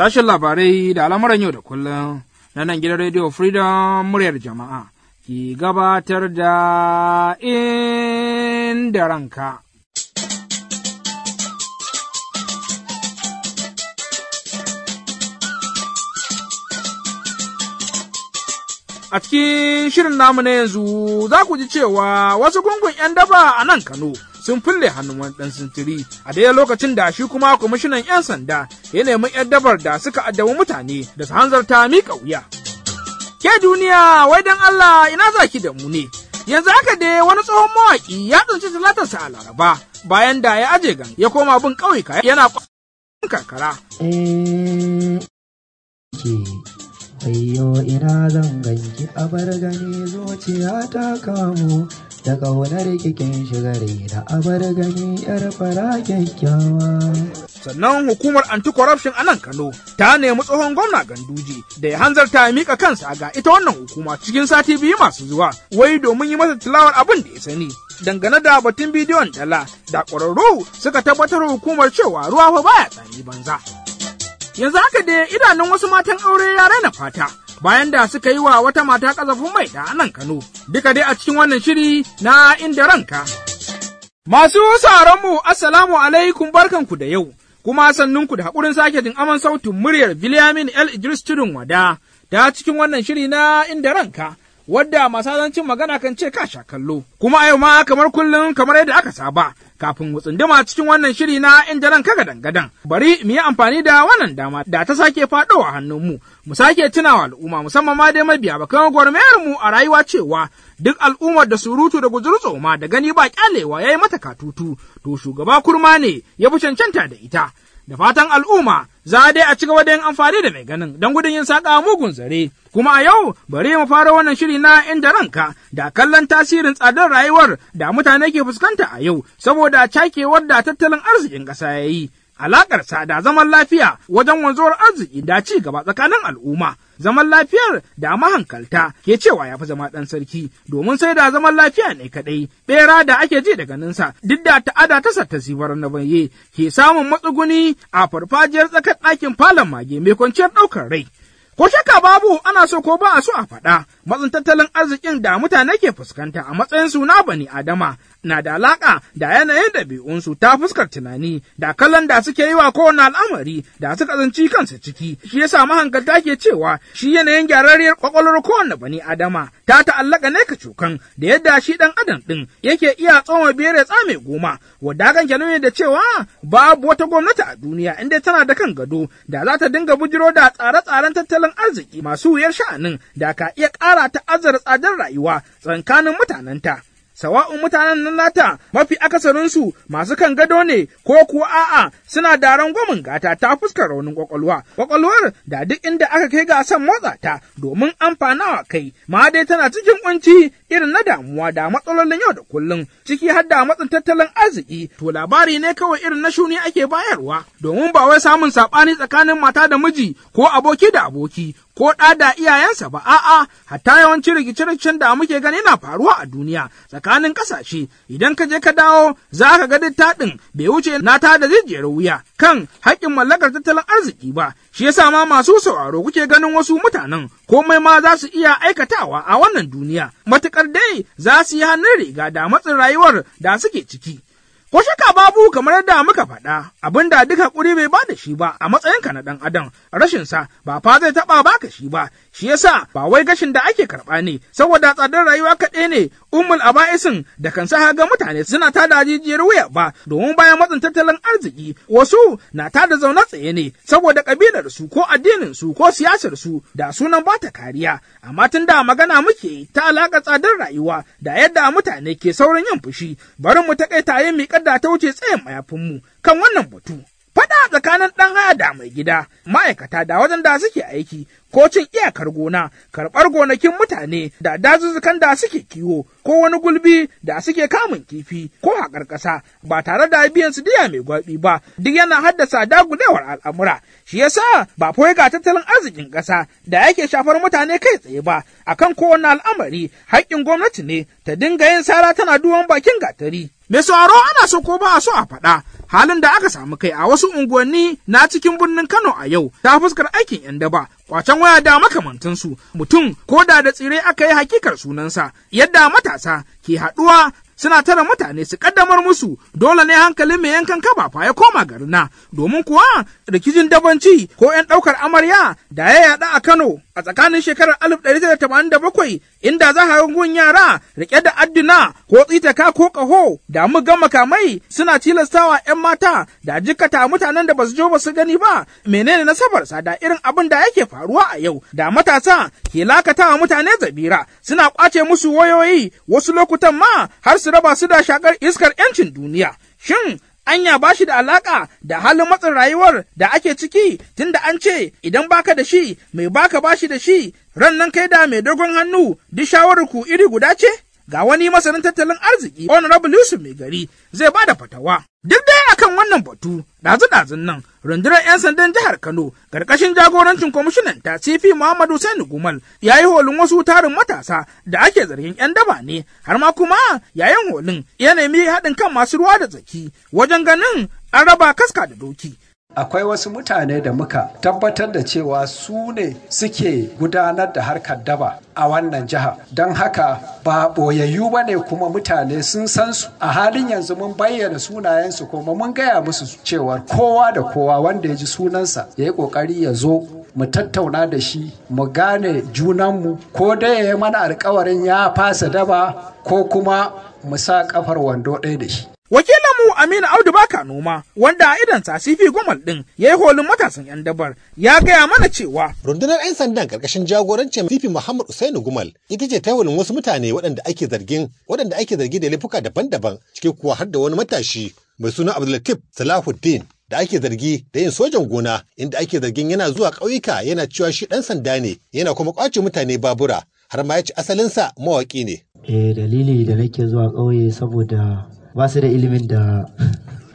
sashen labarai da al'amuran yau da kullum na nan gidan Radio Freedom muryar jama'a ki gabatar da inda ranka. A cikin shirin namu na yanzu za ku ji cewa wasu gungun 'yan daba a nan Kano. sun fulle hannun wani ɗan sintiri a daya lokacin da shi kuma kwamishinan 'yan sanda ya nemi 'yan dabar da suka addabi mutane da su hanzarta miƙa wuya. Ke duniya wai don Allah ina zaki da mu ne. Yanzu haka dai wani tsohon mawaƙi ya tsinci talatarsa a Laraba bayan da ya aje gan ya koma bin ƙauyuka yana karkara. Eh, ayyo ina zan ganki a bar gani zuciya ta kamu da wani rikikin shigari da abar gani yar fara kyakkyawa. Sannan hukumar anti-corruption a nan Kano ta nemi tsohon gwamna Ganduje da ya hanzarta ya mika kansa ga ita wannan hukuma cikin sati biyu masu zuwa wai domin yi masa tilawar abin da ya sani. Dangane da batun bidiyon dala da ƙwararru suka tabbatar hukumar cewa ruwa fa baya tsari banza. Yanzu haka dai idanun wasu matan aure ya raina fata bayan da suka yi wa wata mata ƙazafin mai da anan Kano. Duka dai a cikin wannan shiri na inda ranka. Masu sauranmu Assalamu alaikum barkanku da yau, kuma sannunku da haƙurin sake jin aman sautin muryar Biliyamin El Idris Tudun Wada, ta cikin wannan shiri na inda ranka. Wadda masazancin magana kan ce ka sha kallo, kuma a yau ma kamar kullum kamar yadda aka saba, kafin mu tsunduma cikin wannan shiri na inda ka kaga dangadan bari mu yi amfani da wannan dama da ta sake faɗo a hannunmu mu sake tunawa al'umma musamman ma dai mabiya ba kan gwarmayar mu a rayuwa cewa duk al'ummar da surutu da guzuru ma da gani ba kyalewa yi mata katutu to shugaba kurma ne ya fi cancanta da ita da fatan al'umma za dai a ci gaba da yin amfani da mai ganin don gudun yin saƙa mugun zare. Kuma a yau bari mu fara wannan shiri na inda ranka da kallon tasirin tsadar rayuwar da mutane ke fuskanta a yau saboda cakewar da tattalin arzikin ƙasa ya yi. Alaƙarsa da zaman lafiya wajen wanzuwar arziki da ci gaba tsakanin al'umma. zaman lafiyar da mahankalta ke cewa ya fi zama ɗan sarki domin sai da zaman lafiya ne kaɗai ɓera da ake ji da ganinsa duk da ta'ada ta satta zibar na baye ke samun matsuguni a farfajiyar tsakar ɗakin falon mage mai kwanciyar ɗaukar rai. Ko shakka babu ana so ko ba a so a faɗa matsin tattalin arzikin da mutane ke fuskanta a matsayin suna bani Adama na da alaƙa da yanayin ɗabi'unsu ta fuskar tunani da kallon da suke yi wa kowane al'amari da su kazanci kansu ciki shi yasa mahankalta ke cewa shi yanayin gyararriyar kwakwalwar kowane bani adama ta ta'allaka ne ka cokan da yadda shi ɗan adam ɗin yake iya tsoma biyar ya tsame goma wadda hakan ke nuni da cewa babu wata gwamnati a duniya inda tana da kan gado da za ta dinga bujiro da tsare-tsaren tattalin arziki masu wuyar sha'anin da ka iya ƙara ta'azzara tsadar rayuwa tsakanin mutanenta. sawa'un mutanen nan nata mafi akasarinsu masu kan gado ne ko kuwa a'a suna daren gwamin gata ta fuskar raunin kwakwalwa. Kwakwalwar da duk inda aka kai gasan motsa ta domin amfanawa kai, ma dai tana cikin kunci irin na damuwa da matsalolin yau da kullum ciki har da matsin tattalin arziki to labari ne kawai irin na shuni ake bayarwa domin ba wai samun saɓani tsakanin mata da miji ko aboki da aboki ko ɗa da iyayensa ba a'a hatta yawancin rikice-rikicen da muke gani na faruwa a duniya tsakanin ƙasashe idan ka je ka dawo za ka ga taɗin bai wuce na ta da jera wuya kan haƙƙin mallakar tattalin arziki ba shi yasa ma masu sauraro kuke ganin wasu mutanen komai ma za su iya aikatawa a wannan duniya matuƙar dai za su yi hannun riga da matsin rayuwar da suke ciki. Ko shaka babu kamar yadda muka faɗa, abin da duka ƙuri bai bada shi ba a matsayinka na ɗan adam, rashin sa ba fa zai taɓa baka shi ba, shi yasa ba wai gashin da ake karɓa ne, saboda tsadar rayuwa kaɗai ne ummul aba'isin da kan saha ga mutane suna tada jijiyar wuya ba, domin bayan matsin tattalin arziki wasu na tada zaune tsaye ne saboda ƙabilar su ko addinin su ko siyasar su da sunan bata kariya, amma tun da magana muke ta alaƙa tsadar rayuwa da yadda mutane ke saurin yin fushi, bari mu ta ta yin miƙa da ta wuce tsayin mayafinmu kan wannan batu. Faɗa tsakanin ɗan haya da mai gida, ma'aikata da wajen da suke aiki, ko cin iyakar gona, karɓar gonakin mutane da dazuzzukan da suke kiwo, ko wani gulbi da suke kamun kifi, ko haƙar ƙasa, ba tare da biyan su diya mai gwaɓi ba, duk yana haddasa dagulewar al'amura. Shi yasa ba kawai ga tattalin arzikin ƙasa da yake shafar mutane kai tsaye ba, akan kowane al'amari haƙƙin gwamnati ne ta dinga yin sara tana duwan bakin gatari. Mai sauraro ana so ko ba a so a faɗa halin da aka samu kai a wasu unguwanni na cikin birnin Kano a yau ta fuskar aikin 'yan daba kwacen waya da makamantansu mutum ko da da tsire aka yi hakikar sunansa yadda matasa ke haɗuwa suna tara mutane su kaddamar musu dole ne hankalin mai yankan kafafa ya koma garina domin kuwa rikicin dabanci ko 'yan ɗaukar amarya da ya yaɗa a Kano a tsakanin shekarar 1987 inda za a gungun yara rike da adduna ko tsitaka ko ƙaho da mu ga makamai suna tilastawa 'yan mata da jikata mutanen da basu ba su gani ba menene nasabar sa da irin abin da yake faruwa a yau da matasa ke lakatawa mutane zabira suna kwace musu wayoyi wasu lokutan ma har su raba su da shakar iskar 'yancin duniya shin anya ba shi da alaƙa da halin matsin rayuwar da ake ciki tunda an ce idan baka da shi mai baka ba shi da shi ran nan kai da mai dogon hannu duk shawarar ku iri guda ce? Ga wani masanin tattalin arziki, Honorable Yusuf Mai Gari, zai ba da fatawa. Duk dai akan wannan batu, ɗazu-ɗazun nan, rundunar 'yan sandan jihar Kano, ƙarƙashin jagorancin kwamishinan ta CP Muhammadu Sani Gumal, ya yi holin wasu tarin matasa da ake zargin 'yan daba ne, har ma kuma yayin holin ya nemi haɗin kan masu ruwa da tsaki wajen ganin an raba kaska da doki. akwai wasu mutane da muka tabbatar da cewa su ne suke gudanar da harkar daba a wannan jiha don haka ba boyayyu ba ne kuma mutane sun san su a halin yanzu mun bayyana sunayensu kuma mun gaya musu cewar kowa da kowa wanda ya ji sunansa ya yi ƙoƙari ya zo mu tattauna da shi mu gane junanmu ko dai ya yi mana alkawarin ya fasa daba ko kuma mu sa kafar wando ɗaya da shi Wakilanmu Aminu Audu Baka Noma, wanda a idan Sasifi Gomal din ya yi holin matasan 'yan dabar, ya gaya mana cewa. Rundunar 'yan sandan karkashin jagorancin Sifi Muhammad Usainu Gumal ita ce ta holin wasu mutane waɗanda ake zargin waɗanda ake zargi da laifuka daban-daban ciki kuwa har da wani matashi mai suna Abdulatif Salahuddin. da ake zargi da yin sojan gona inda ake zargin yana zuwa ƙauyuka yana cewa shi ɗan sanda ne yana kuma ƙwace mutane babura har ma ya ci asalinsa mawaƙi ne. Eh dalili da nake zuwa ƙauye saboda ba su da ilimin da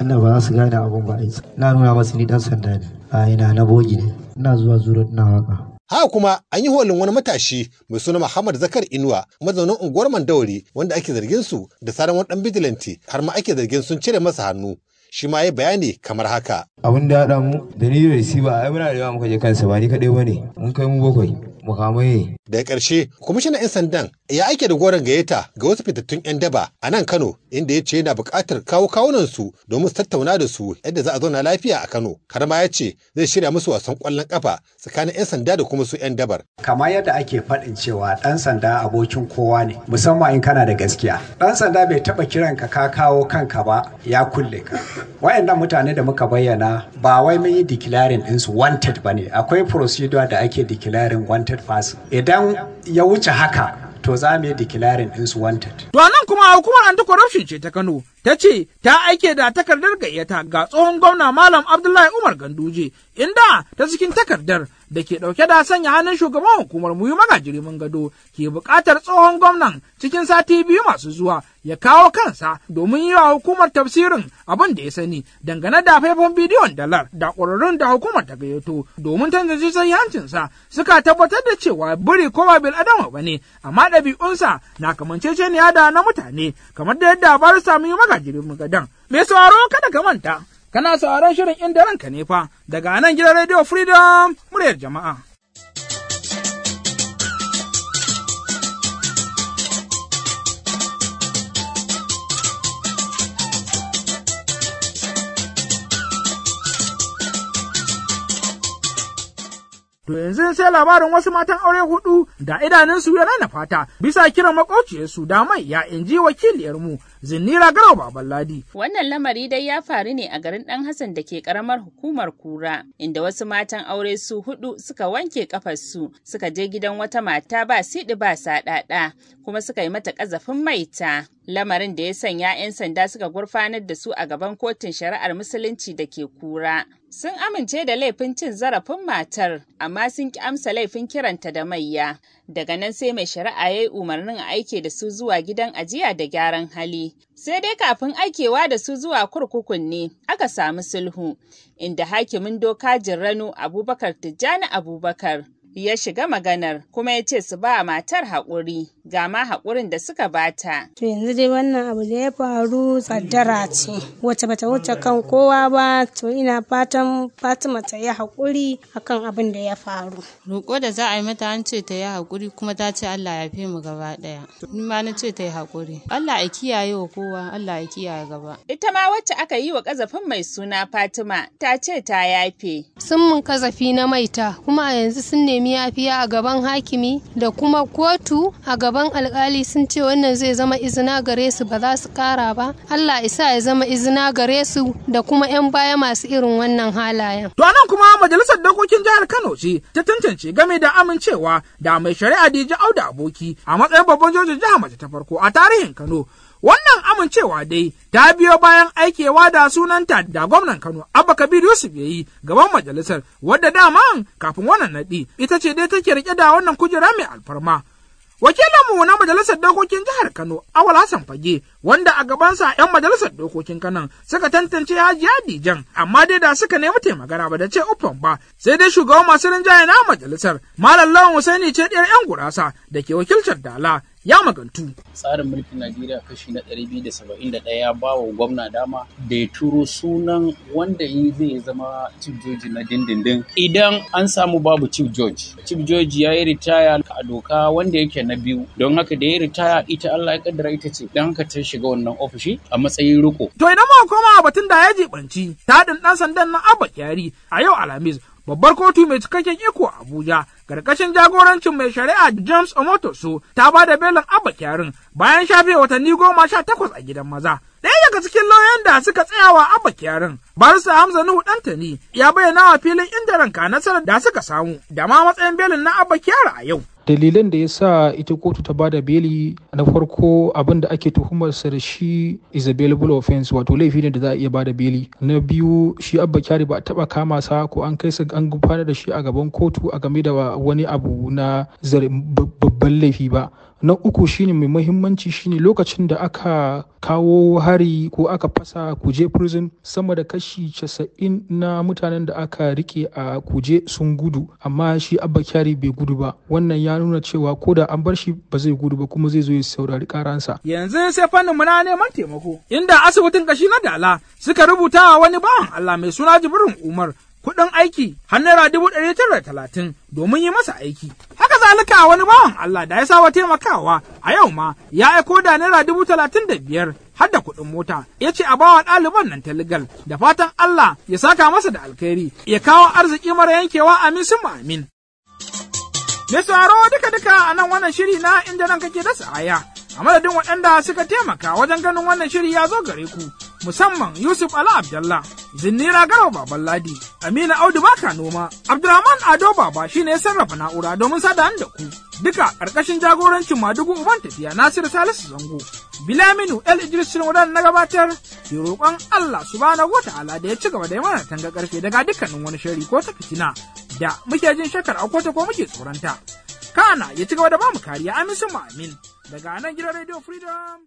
wanda ba za su gane abun ba na nuna masu ni dan sanda ne a ina na bogi ne ina zuwa zuwa ina waka Ha kuma an yi holin wani matashi mai suna Muhammad Zakar Inuwa mazaunin unguwar Mandawari, wanda ake zargin su da saran wani dan bijilanti har ma ake zargin sun cire masa hannu shi ma ya bayani kamar haka. Abin da ya mu da ni da receiver ai muna da yawa muka je kansa ba ni kaɗai ba ne mun kai mu bakwai mukamai. Da ƙarshe, kwamishinan 'yan sandan ya aike da goron gayyata ga wasu fitattun 'yan daba a nan Kano inda ya ce yana buƙatar kawo su domin su tattauna da su yadda za a zauna lafiya a Kano. Karma ya ce zai shirya musu wasan ƙwallon ƙafa tsakanin 'yan sanda da kuma su 'yan dabar. Kamar yadda ake faɗin cewa ɗan sanda abokin kowa ne musamman in kana da gaskiya. Ɗan sanda bai taɓa kiran ka ka kawo kanka ba ya kulle ka. Wayannan mutane da muka bayyana ba wai mun yi declaring ɗinsu wanted ba ne akwai procedure da ake declaring wanted wanted person idan ya wuce haka to za mu yi declaring su wanted. To nan kuma hukumar anti-corruption ce ta Kano ta ce ta aike da takardar gayyata ga tsohon gwamna Malam Abdullahi Umar Ganduje inda ta cikin takardar da ke ɗauke da sanya hannun shugaban hukumar muyi magajiri mun gado ke buƙatar tsohon gwamnan cikin sati biyu masu zuwa ya kawo kansa domin yi wa hukumar tafsirin abin da ya sani dangane da faifan bidiyon dalar da ƙwararrun da hukumar ta gayyato domin tantance yancinsa suka tabbatar da cewa biri ko ba bil adama ba ne amma ɗabi'unsa na kamance kamanceceniya da na mutane kamar da yadda bari mun yi magajiri mun gadan. Mai sauraro kada ka manta kana sauraron shirin inda ranka ne fa daga nan gidan Radio Freedom muryar jama'a. To yanzu sai labarin wasu matan aure hudu da idanunsu ya rana fata bisa kiran makociyarsu da mai ya inji wakiliyarmu Zinnira Garau Baban Ladi. Wannan lamari dai ya faru ne a garin Ɗan Hassan da ke karamar hukumar Kura, inda wasu matan aure su hudu suka wanke kafarsu suka je gidan wata mata ba siɗi ba saɗaɗa kuma suka yi mata ƙazafin maita. Lamarin da ya sanya 'yan sanda suka gurfanar da su a gaban kotun shari'ar musulunci da ke Kura. Sun amince da laifin cin zarafin matar, amma sun ki amsa laifin kiranta da mayya. daga nan sai mai shari'a ya yi umarnin a aike da su zuwa gidan ajiya da gyaran hali sai dai kafin aikewa da su zuwa kurkukun ne aka samu sulhu inda hakimin doka jirranu abubakar tijjani abubakar ya shiga maganar kuma ya ce su ba matar haƙuri ga ma haƙurin da suka bata. To yanzu dai wannan abu da ya faru tsaddara ce wacce bata wuce kan kowa ba to ina fatan Fatima ta yi haƙuri akan abin da ya faru. Roƙo da za a yi mata an ce ta yi haƙuri kuma ta ce Allah ya fi mu gaba ɗaya. Ni ma na ce ta yi haƙuri. Allah ya kiyaye wa kowa Allah ya kiyaye gaba. Ita ma wacce aka yi wa ƙazafin mai suna Fatima ta ce ta yafe. Sun mun ƙazafi na maita kuma a yanzu sun nemi yafiya a gaban hakimi da kuma kotu a gaban shugaban alkali sun ce wannan zai zama izina gare su ba za su kara ba Allah isa ya zama izina gare su da kuma 'yan baya masu irin wannan halayen. To nan kuma majalisar dokokin jihar Kano ce ta tantance game da amincewa da mai shari'a Dija Auda Aboki a matsayin babban jojin jihar mace ta farko a tarihin Kano. Wannan amincewa dai ta biyo bayan aikewa da sunanta da gwamnan Kano Abba Kabir Yusuf ya yi gaban majalisar wadda dama kafin wannan naɗi ita ce dai take rike da wannan kujera mai alfarma Wakilinmu na majalisar dokokin jihar Kano, Awal Hassan Fage, wanda a gabansa 'yan majalisar dokokin Kano suka tantance Hajiya Dijan, amma dai da suka nemi taimakara ba da ce uffan ba, sai dai shugaban masu rinjaye na majalisar, Malam Lawan Husaini ce ɗiyar 'yan gurasa da ke wakiltar Dala, ya magantu. Tsarin mulkin Najeriya kashi na 271 ya ba wa gwamna dama da ya turo sunan wanda yi zai zama Chief George na dindindin. Idan an samu babu Chief George, Chief George ya yi ritaya a doka wanda yake na biyu don haka da ya ritaya ita Allah ya kaddara ita ce don haka ta shiga wannan ofishi a matsayin riko. To idan ma koma batun da ya jibanci, tadin ɗan sandan na Abba Kyari a yau Alhamis babbar kotu mai cikakken iko Abuja karkashin jagorancin mai shari'a James Omotoso ta ba da belin abba kyarin bayan shafe watanni goma sha takwas a gidan maza. Ɗaya daga cikin lauyan da suka tsaya wa abba kyarin barista Hamza Nuhu Dantani ya bayyana wa filin inda ranka nasarar da suka samu da ma matsayin belin na abba a yau. Dalilan da ya sa ita kotu ta bada beli na farko abin da ake tuhumarsa da shi is a bailable offense wato laifi ne da za a iya bada beli. Na biyu shi Abba Kyari ba a taba kama sa ko an kai sa an gudanar da shi a gaban kotu a game da wani abu na babban laifi ba. na uku shine mai mahimmanci shine lokacin da aka kawo hari ko aka fasa kuje prison sama da kashi casa'in na mutanen da aka rike a kuje sun gudu amma shi abba kyari bai gudu ba wannan ya nuna cewa ko da an bar shi ba zai gudu ba kuma zai zo ya saurari karansa yanzu sai fannin muna neman taimako inda asibitin kashi na dala suka rubuta wani bawan Allah mai suna Jibrin Umar kuɗin aiki har naira dubu ɗari tara talatin domin yi masa aiki. Haka zalika wani bawan Allah da ya saba taimakawa a yau ma ya aiko da naira dubu talatin da biyar har da kuɗin mota ya ce a bawa ɗaliban nan taligal da fatan Allah ya saka masa da alkhairi ya kawo arziki mara yankewa amin sun amin. Me sauraro duka-duka a nan wannan shiri na inda nan kake da sa'aya. a madadin waɗanda suka taimaka wajen ganin wannan shiri ya zo gare ku musamman Yusuf Ala abdullah Zinnira Garba Baban Ladi, Amina Audu Baka Noma, Abdulrahman Ado Baba shi ne sarrafa na'ura domin sada da ku. Duka ƙarƙashin jagorancin Madugu Uban Tafiya Nasiru Salisu Zango, Bilaminu El Idris Shirmudan na gabatar, ke roƙon Allah subhanahu wa ta'ala da ya ci gaba da yi mana tanga ƙarfe daga dukkanin wani shari ko ta fitina da muke jin shakar a ko muke tsoronta. Kana ya ci gaba da bamu kariya amin mu amin daga nan gidan Radio Freedom.